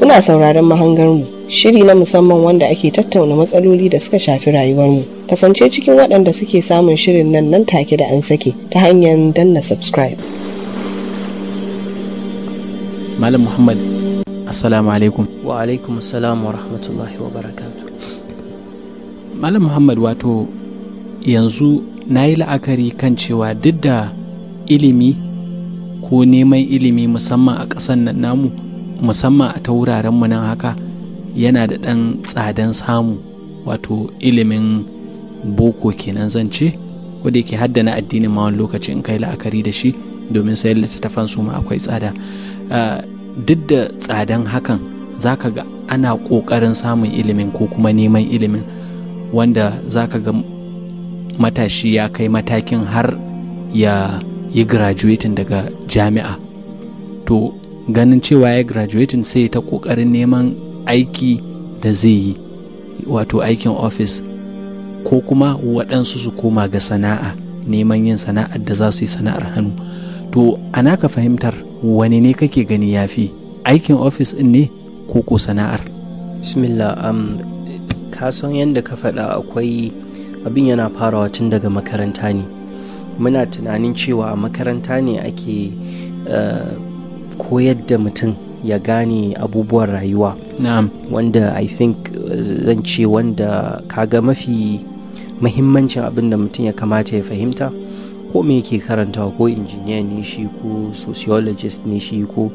Kuna sauraron mahangarmu shiri na musamman wanda ake tattauna matsaloli da suka shafi rayuwarmu. Kasance cikin waɗanda suke samun shirin nan nan take da an sake ta hanyar danna subscribe. Malam Muhammad, Assalamu alaikum. Wa alaikum assalam wa rahmatullahi wa Malam Muhammad wato yanzu na yi la'akari kan cewa duk da ilimi ko neman ilimi musamman a ƙasar nan namu musamman a ta wuraren mu nan haka yana da ɗan tsadan samu wato ilimin boko kenan zan ce ko da yake haddana addinin ma wani lokaci in kai la'akari da shi domin sayar littattafan su ma akwai tsada ah, duk da tsadan hakan zaka ga ana ƙoƙarin samun ilimin ko kuma neman ilimin wanda zaka ga matashi ya kai matakin har ya yi graduating daga jami'a to ganin cewa ya graduating sai ta kokarin neman aiki da zai yi wato aikin ofis ko kuma waɗansu su koma ga sana'a neman yin sana'ar da za su yi sana'ar hannu to ana ka fahimtar wani ne kake gani ya fi aikin ofis in ne ko ko sana'ar bismillah um, ka san yadda ka faɗa akwai abin yana farawa tun daga makaranta ne muna tunanin cewa a makaranta ne ake eh, koyar da mutum ya gane abubuwan rayuwa wanda i think zan ce wanda kaga mafi mahimmancin abin da mutum ya kamata ya fahimta ko me yake karantawa ko injiniya ne shi ko sociologist ne shi ko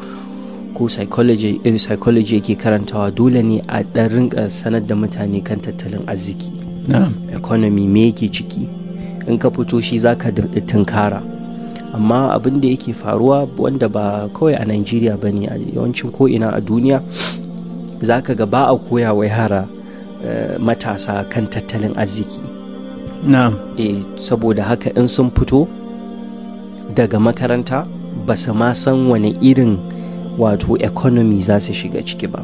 ko psychology eh, yake karantawa dole ne a ɗan rinka sanar da mutane kan tattalin arziki economy me yake ciki in ka fito shi zaka da tunkara amma abin da yake faruwa wanda ba kawai a nigeria ba ne a yawancin ko'ina a duniya za ka ga ba a koya wa yara eh, matasa kan tattalin arziki e, saboda haka in sun fito daga makaranta ba su ma san wani irin wato economy za su shiga ciki ba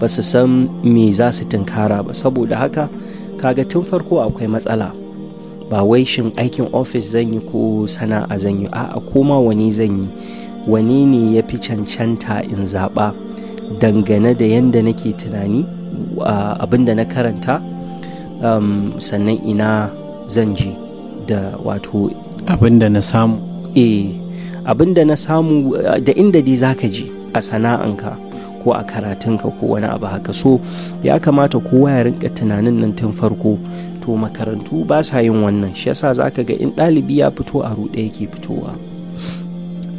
ba su san me za su tunkara ba saboda haka kaga tun farko akwai matsala ba wai shin aikin ofis zan yi ko sana'a zan yi a'a koma wani zan yi wani ne ya fi cancanta in zaɓa dangane da yadda nake tunani abin da na karanta um, sannan ina zan je da wato abin da na samu eh abin da na samu da inda dai zaka je a sana'anka ko a karatunka ko wani abu haka so ya kamata kowa ya rinka tunanin nan tun farko to makarantu ba sa yin wannan shi yasa zaka ga in ɗalibi ya fito a ruɗe yake fitowa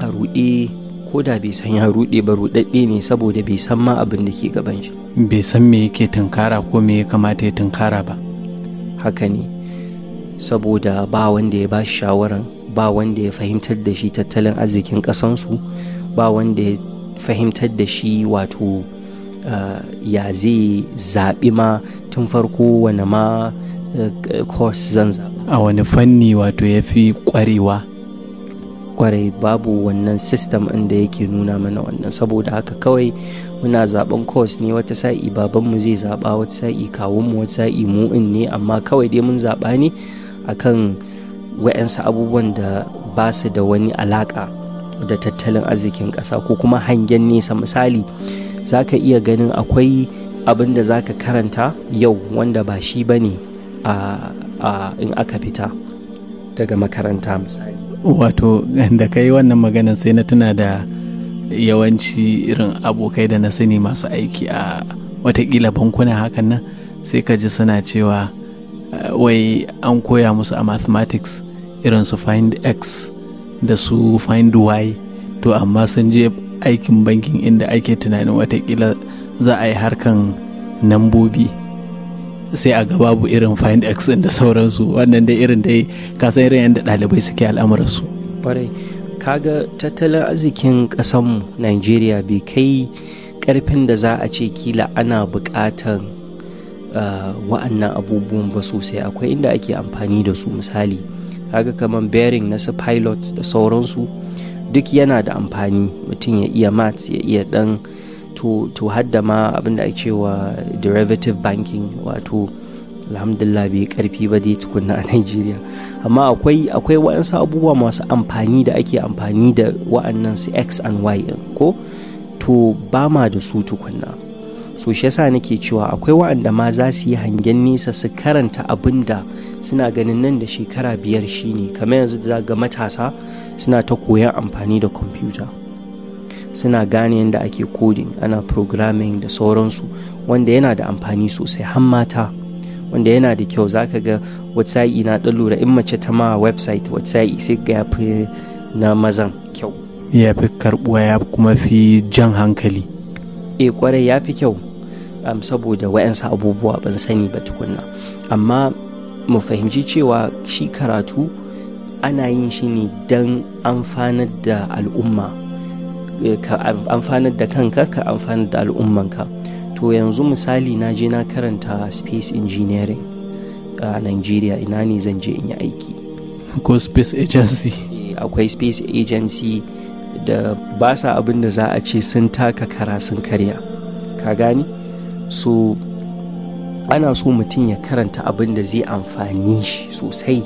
a ruɗe ko da bai san ya ruɗe ba ruɗaɗɗe ne saboda bai san ma abin da ke gaban shi bai san me yake tunkara ko me ya kamata ya tunkara ba haka ne saboda ba wanda ya ba shi shawaran ba wanda ya fahimtar da shi tattalin arzikin ƙasansu ba wanda ya fahimtar da shi wato eh, ya zai zaɓi ma tun farko wani ma eh, course zan zaɓa a wani fanni wato ya fi ƙwarewa Ƙwarai babu wannan system inda yake nuna mana wannan saboda haka kawai muna zaɓen course ne wata sa'i babanmu zai zaɓa, wata sa'i kawunmu wata sa'i mu'in ne amma kawai dai mun zaɓa ne akan wa'yansu abubuwan da ba su da wani alaƙa. da tattalin arzikin ƙasa ko kuma hangen nesa misali za ka iya ganin akwai abin da za ka karanta yau wanda ba shi ba ne in aka fita daga makaranta misali wato da ka yi wannan maganin sai na tuna da yawanci irin abokai da na sani masu aiki a watakila bankuna hakan nan sai ka ji suna cewa wai an koya musu a mathematics irin su find x da su find why to amma sun je aikin bankin inda ake tunanin watakila za a yi harkan nambobi sai a ga babu irin find x da sauransu wannan dai irin dai kasan irin yadda ɗalibai suke al'amuransu ƙwarai kaga tattalin arzikin ƙasanmu nigeria bai kai ƙarfin da za a ce kila ana buƙatan ah, wa'annan abubuwan ba sosai akwai inda ake amfani da su misali kaga kamar bearing na su pilot da sauransu duk yana da amfani mutum ya iya mat ya iya dan to, haddama hadda ma abinda ake cewa derivative banking wato alhamdulillah bai karfi ba dai tukunna a Najeriya amma akwai akwai waɗansu abubuwa masu amfani da ake amfani da wa'annan su x and y ko to ba ma da su tukunna so shi yasa nake cewa akwai wa'anda ma za su yi hangen nisa su karanta abin da suna ganin nan da shekara biyar shine kamar yanzu za ga matasa suna ta koyan amfani da kwamfuta suna gane yadda ake coding ana programming da sauransu wanda yana da amfani sosai har mata wanda yana da kyau za ka ga whatsapp na ɗan lura in mace ta ma website whatsapp sai ga yafi na mazan kyau ya fi karbuwa ya kuma fi jan hankali e kwarai ya fi kyau saboda wayansu abubuwa ban sani ba tukunna amma mu fahimci cewa shi karatu ana yin shi ne don amfanar da al'umma eh, ka amfanar da kanka ka amfanar da al'ummanka to yanzu misali na je na karanta space engineering a nigeria ina ne zan je in yi aiki ko space agency eh, akwai space agency da ba sa abin da za a ce sun taka kara sun karya ka gani so ana so mutum ya karanta abin da zai amfani shi sosai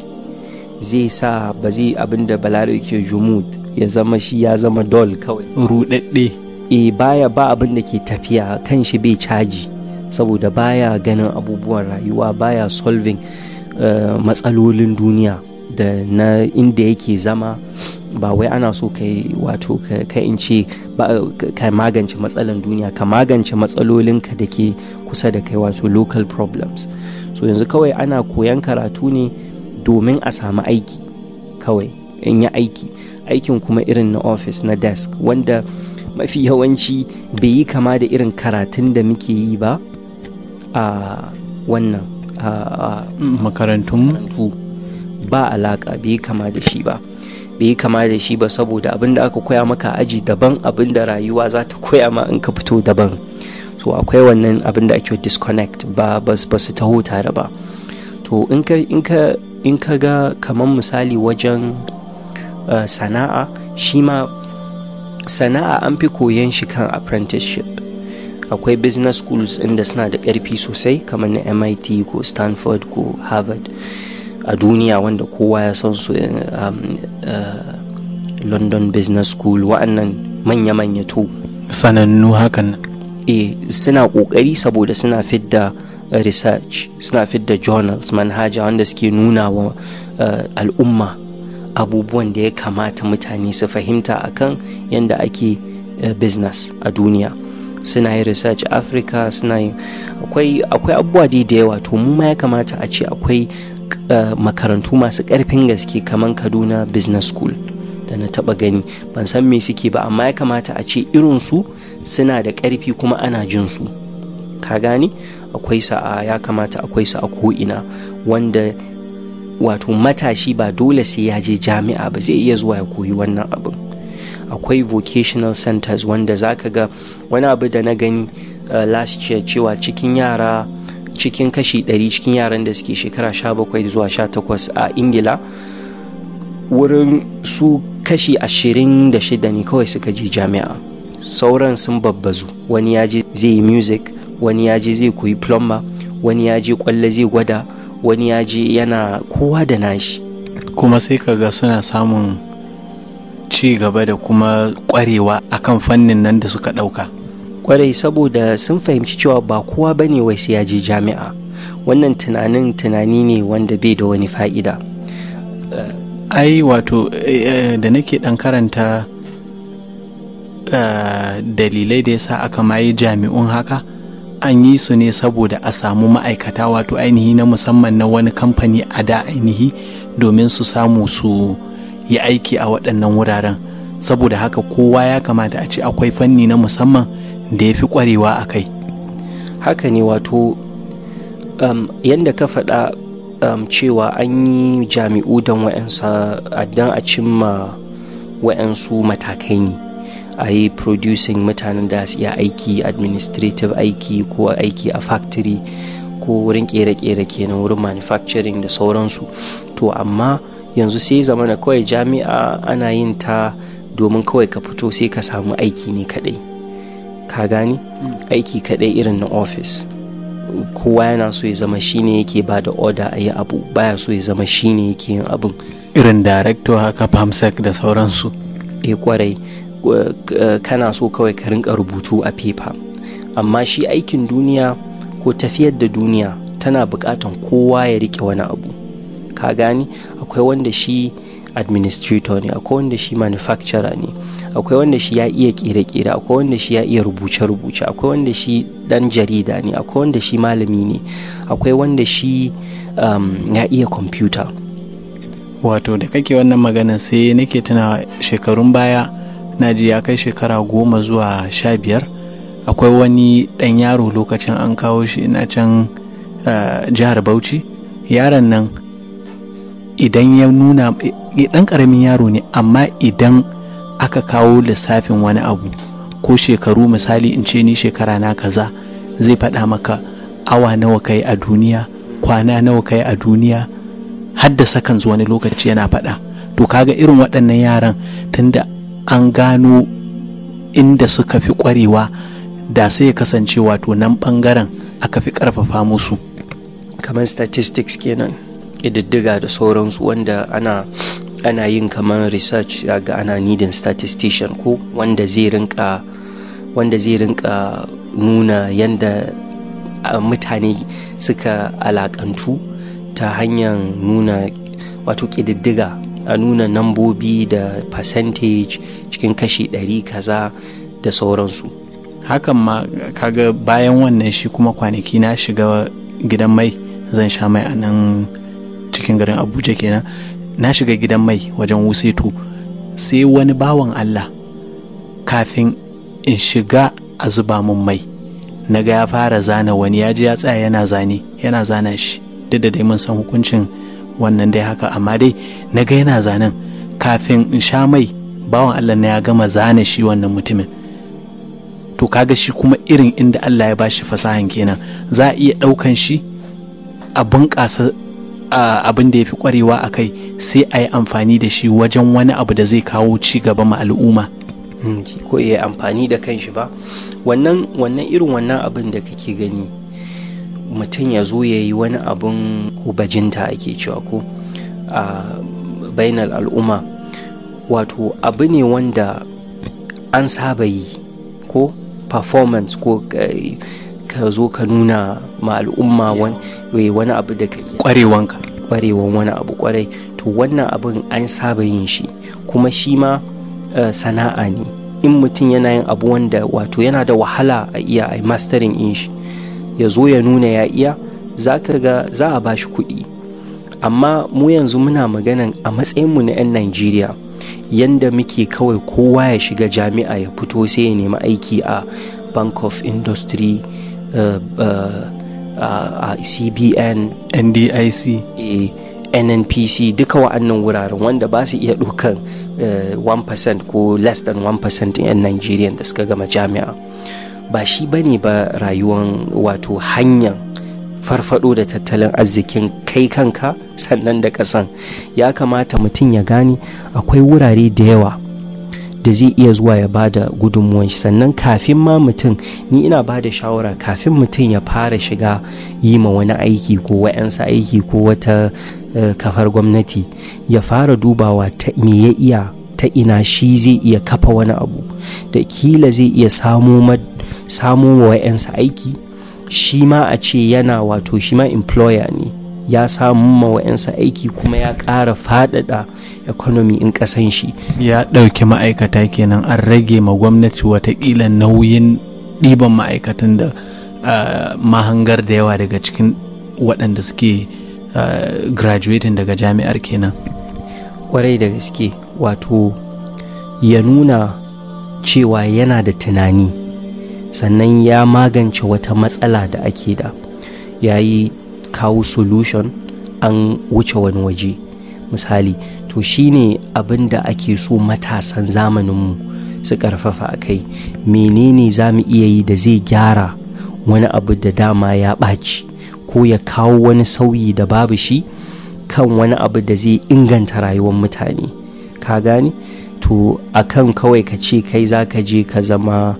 zai sa ba zai abin da balari ke jumud ya zama shi ya zama dol kawai rudadde e baya ba abin da ke tafiya kan shi bai caji saboda baya ganin abubuwan rayuwa baya solving eh, matsalolin duniya da na inda yake zama ba wai ana so kai wato ka in ce ka magance matsalan duniya ka magance matsalolinka da ke kusa da kai wato local problems so yanzu kawai ana koyan karatu ne domin a samu aiki kawai in yi aiki aikin kuma irin na office na desk wanda mafi yawanci bai yi kama da irin karatun da muke yi ba a wannan makarantun ba alaka bai yi kama da shi ba bai kama da shi ba saboda abin da aka koya maka aji daban abin da rayuwa za ta koya ma in ka fito daban so akwai wannan abin da ake disconnect ba ba su taho tare ba to in ka ga kamar misali wajen uh, sana'a shi ma sana'a an fi koyan shi kan apprenticeship akwai business schools inda suna da ƙarfi sosai kamar na mit ko stanford ko harvard a duniya wanda kowa ya san su um, uh, london business school wa'annan manya-manya to sanannu hakan e suna kokari saboda suna fidda uh, research suna fidda journals manhaja wanda suke nuna wa uh, al'umma abubuwan da ya kamata mutane su fahimta akan yadda ake business a duniya suna yi research africa suna yi akwai abubuwa da yawa to mu ma ya kamata a ce akwai Eh, makarantu masu ƙarfin gaske kamar kaduna business school da na taba gani ban san me suke ba amma ya kamata a ce irin su suna da ƙarfi kuma ana jin su ka gani akwai sa'a ya kamata akwai sa a ko'ina wanda wato matashi ba dole sai ya je jami'a ba zai iya zuwa ya koyi wannan abin akwai vocational centers wanda zaka ga wani abu da na gani uh, last year cewa cikin yara cikin kashi 100 cikin yaran da suke shekara 17 zuwa 18 a ingila wurin su kashi 26 ne kawai suka je jami'a sauran sun babbazu wani ya je zai yi music wani ya je zai koyi plumber wani ya je kwallo zai gwada wani ya je yana kowa da nashi kuma sai kaga suna samun ci gaba da kuma kwarewa akan fannin nan da suka dauka kwarai saboda sun fahimci cewa ba kowa bane wai sai ya je jami'a wannan tunanin tunani ne wanda bai da wani fa'ida eh, ai wato eh, da nake dan karanta eh, dalilai da yasa aka maye jami'un haka an yi su ne saboda a samu ma'aikata wato ainihi na musamman na wani kamfani a da ainihi domin su samu su yi aiki a waɗannan wuraren saboda haka kowa ya kamata a ce akwai fanni na musamman da ya fi kwarewa a kai haka ne wato um, yadda ka faɗa um, cewa an yi jami'u don don a cimma wa'yansu matakai ne a yi producing mutanen da su iya aiki administrative aiki ko aiki a factory ko wurin kere-kere kenan wurin manufacturing da sauransu to amma yanzu sai zamana kawai jami'a ana yin ta domin kawai ka fito sai ka samu aiki ne kadai ka gani aiki kadai irin na ofis kowa yana so ya zama shine yake ba da oda a yi abu baya so ya zama shine yake yin abin irin director haka pamsec da sauransu eh kwarai eh, kana so kawai ka rinka rubutu a paper amma shi aikin duniya ko tafiyar da duniya tana bukatan kowa ya rike wani abu ka gani akwai wanda shi administrator ne akwai wanda shi manufacturer ne akwai wanda shi ya iya kere-kere akwai wanda shi ya iya rubuce-rubuce akwai wanda shi dan jarida ne akwai wanda shi malami ne akwai wanda shi um, ya iya computer. wato da kake wannan maganan sai nake tana shekarun baya na ji ya kai shekara goma zuwa sha biyar akwai wani dan yaro lokacin an kawo shi na can uh, jihar bauchi yaron nan idan ya nuna dan ƙaramin yaro ne amma idan aka kawo lissafin wani abu ko shekaru misali in ce ni shekara na kaza zai faɗa maka awa nawa kai a duniya kwana nawa kai a duniya hadda sakan wani lokaci yana faɗa to kaga irin waɗannan yaran tunda an gano inda suka fi ƙwarewa da sai ya kasance wato nan ɓangaren aka fi ƙarfafa musu kamar statistics kenan ƙididdiga da sauransu wanda ana ana yin kamar research ga ana needing statistician ko wanda zai rinka wanda zai rinka nuna yanda mutane suka alakantu ta hanyar nuna wato ƙididdiga a nuna nambobi da percentage cikin kashi ɗari kaza da sauransu hakan ma kaga bayan wannan shi kuma kwanaki na shiga gidan mai zan sha mai a nan cikin garin abuja kenan na shiga gidan mai wajen wusetu sai wani bawan allah kafin in shiga a zuba mun mai na ga ya fara zana wani ya ji ya tsaya yana zane yana zana shi duk da dai mun san hukuncin wannan dai haka amma dai na ga yana zanen kafin in sha mai bawan allah na ya gama zana shi wannan mutumin to kaga shi kuma irin inda Allah ya bashi fasahan kenan za a iya ɗaukan shi a bunƙasa abin da ya fi kwarewa a kai sai a yi amfani da shi wajen wani abu da zai kawo ci gaba ma al'umma hmm, ko ya yi amfani da kanshi ba wannan wannan irin wannan abin da kake gani mutum ya zo ya yi wani abin ko bajinta ake cewa ko a bainar al'umma wato abu ne wanda an saba yi ko performance ko eh, ka zo ka nuna ma al'umma wani abu da ka kwarewanka kwarewan wani abu kwarai to wannan abin an saba yin shi kuma shi ma eh, sana'a ne in mutum yana yin abu wanda wato yana da wahala a iya a mastering in shi ya zo ya nuna ya iya za ka ga za a ba shi kuɗi amma mu yanzu muna maganan a matsayinmu na 'yan najeriya yanda muke kawai kowa ya shiga jami'a ya fito sai ya nemi aiki a bank of industry Uh, uh, uh, cbn ndic eh, nnpc duka wa'annan wuraren wanda ba su iya dukan 1% eh, ko less than 1% yan nigerian da suka gama jami'a ba shi ba ne ba rayuwan wato hanyar farfado da tattalin arzikin kai kanka sannan da kasan ya kamata mutum ya gane akwai wurare da yawa da zai iya zuwa ya ba da gudunmuwan shi sannan kafin ma mutum ni ina ba da shawara kafin mutum ya fara shiga yi ma wani aiki ko wa'yansa aiki ko wata eh, kafar gwamnati ya fara dubawa ta me ya iya ta ina shi zai iya kafa wani abu da kila zai iya samo wa wa'yansa aiki shi ma a ce yana wato shi ma employer ne ya samu mawa'insa aiki kuma ya ƙara faɗaɗa economy in ƙasan shi ya ɗauki ma'aikata kenan an rage ma gwamnati watakila nauyin ɗiban ma'aikatan da mahangar da yawa daga cikin waɗanda suke graduating daga jami'ar kenan kwarai da gaske wato ya nuna cewa yana da tunani sannan ya magance wata matsala da ake da yayi kawo solution an wuce wani waje misali to shine abin da ake so matasan zamaninmu su karfafa a kai menene za mu iya yi da zai gyara wani abu da dama ya ɓaci ko ya kawo wani sauyi da babu shi kan wani abu da zai inganta rayuwar mutane ka gane to akan kawai ka ce kai za ka je ka zama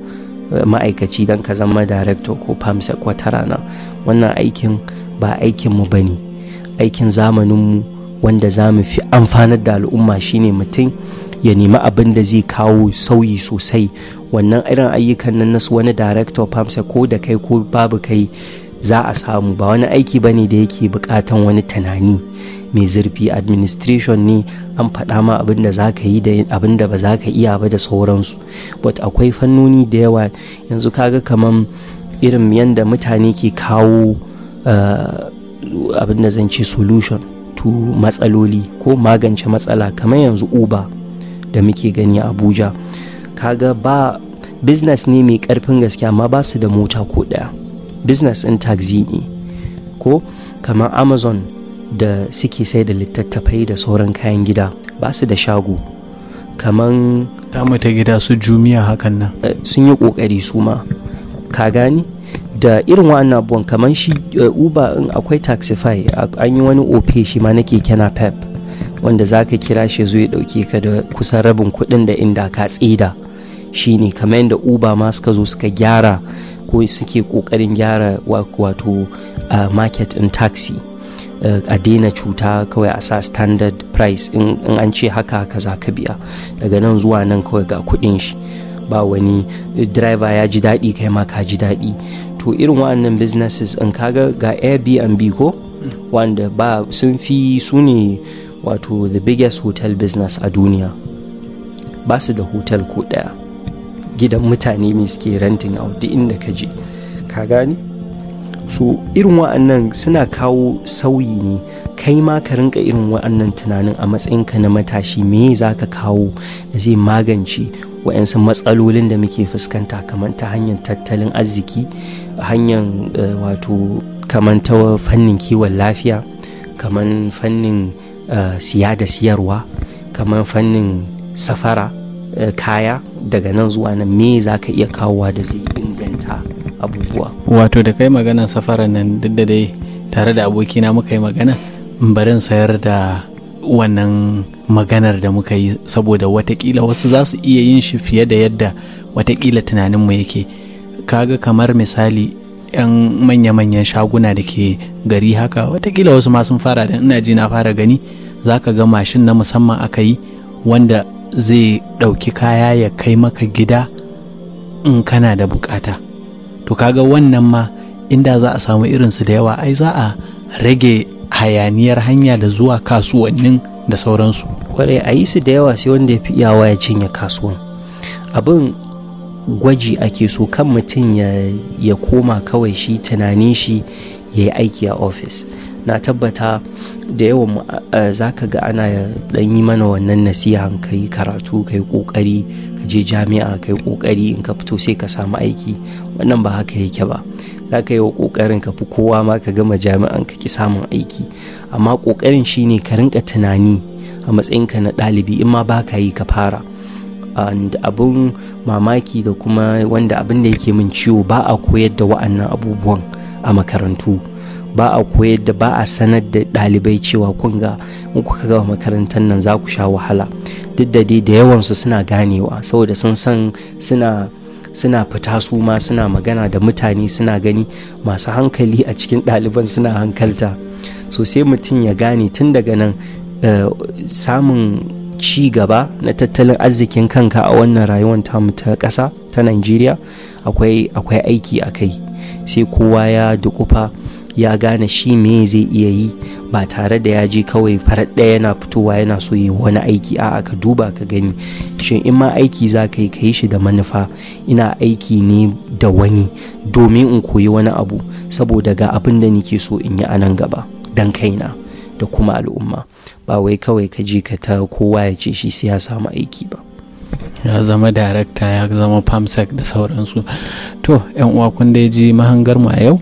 eh, ma'aikaci don ka zama director ko famsa kwatarana wannan aikin ba aikinmu ba ne aikin zamaninmu wanda za mu fi amfanar da al'umma shine mutum ya nemi abin da zai kawo sauyi sosai wannan irin ayyukan nan nasu wani director famsa ko da kai ko babu kai za a samu ba wani aiki ba ne da yake bukatan wani tunani mai zurfi administration ne an faɗa ma abin da za ka yi da abin da ba za ka iya ba da sauransu but akwai fannoni da yawa yanzu kaga kamar irin yadda mutane ke kawo Eh, abin da zan ce solution to matsaloli ko magance matsala kamar yanzu uber da muke gani a abuja kaga ba business ne mai karfin gaske amma ba su da mota ko daya business in taxi ne ko kamar amazon da suke sai da littattafai da sauran kayan gida ba su da shago kamar ta gida su jumiya hakan nan eh, sun yi kokari su ma ka gani da irin wa'annan abubuwan kamar shi eh, uber in akwai taxify an yi wani ope shi ma na keke na pep wanda za ka kira shi zo ya dauke ka da kusan rabin kuɗin da inda ka tsida shi ne kamar yadda uber ma suka zo suka gyara ko suke ƙoƙarin gyara wato market in taxi eh, a daina cuta kawai a sa standard price in an ce haka haka za ka biya daga nan zuwa nan kawai ga kuɗin shi ba wani eh, driver ya ji daɗi kai ma ka ji daɗi to irin wa'annan businesses in kaga ga airbnb ko wanda ba sun fi su ne wato the biggest hotel business a duniya ba su da hotel ko daya gidan mutane ne suke renting out duk inda ka je ka gani so irin wa'annan suna kawo sauyi ne kai ma ka rinka irin wa'annan tunanin a matsayinka na matashi me za ka kawo da zai magance wa'yansu matsalolin da muke fuskanta kamar ta hanyar tattalin arziki hanyar eh, wato kaman ta fannin kiwon lafiya kaman fannin eh, siya da siyarwa kaman fannin safara eh, kaya daga nan zuwa nan me za ka iya kawowa da zai inganta abubuwa wato da kai maganan safara nan duk da dai tare da abokina muka yi magana barin sayar da wannan maganar da muka yi saboda watakila wasu za su iya yin shi fiye da yadda watakila tunaninmu yake kaga kamar misali yan manya-manyan shaguna da ke gari haka watakila wasu ma sun fara da ina ji na fara gani za ka ga mashin na musamman aka yi wanda zai ɗauki kaya ya kai maka gida in kana da bukata to kaga wannan ma inda za a samu irinsu da yawa ai za a rage hayaniyar hanya da zuwa kasuwannin da sauransu kwarai a yi su da yawa sai wanda ya fi iyawa ya cinye kasuwan abin gwaji ake so kan mutum ya koma kawai shi tunanin shi ya yi aiki a ofis na tabbata da yawan za ka ga ana ɗan yi mana wannan nasiha ka yi karatu ka yi kokari ka je jami'a ka yi kokari in ka fito sai ka samu aiki wannan ba haka yake ba za ka yi wa kokarin ka fi kowa ma ka gama jami'an ka ki samun aiki amma kokarin shine ka rinka tunani a matsayinka na ɗalibi in ma ba ka yi ka fara and abun mamaki da kuma wanda abin da yake min ciwo ba a koyar da wa'annan abubuwan a makarantu ba a koyar da ba a sanar da ɗalibai cewa kun ga in kuka ga makarantar nan za ku sha wahala duk da dai da yawansu suna ganewa saboda sun san suna suna fita su ma suna magana da mutane suna gani masu hankali a cikin ɗaliban suna hankalta so sai mutum ya gane tun daga nan eh, samun ci gaba na tattalin arzikin kanka a wannan rayuwar tamu ta ƙasa ta Najeriya akwai akwai aiki a kai sai kowa ya dukufa ya gane shi me zai iya yi ba tare da ya je kawai farar ɗaya yana fitowa yana so yi wani aiki a'a ka duba ka gani shin in ma aiki za ka yi ka yi shi da manufa ina aiki ne da wani domin in koyi wani abu saboda ga abin da nike so in yi a nan gaba don kaina da kuma al'umma ba wai kawai ka je ka ta kowa ya ce shi sai ya samu aiki ba ya zama darakta ya zama pamsec da sauransu to yan uwa kun dai ji mahangar mu a yau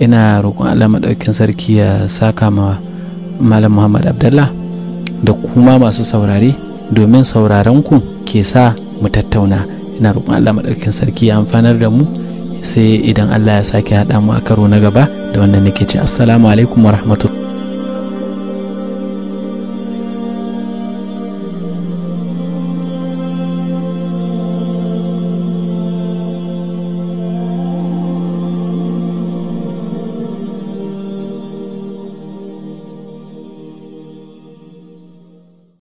ina roƙon Allah madaukin sarki ya saka ma malam Muhammad Abdullah da kuma masu saurare domin sauraron ku ke sa mu tattauna ina roƙon Allah madaukin sarki ya amfanar da mu sai idan Allah ya sake haɗa mu a karo na gaba da wannan nake ce assalamu alaikum wa rahmatullahi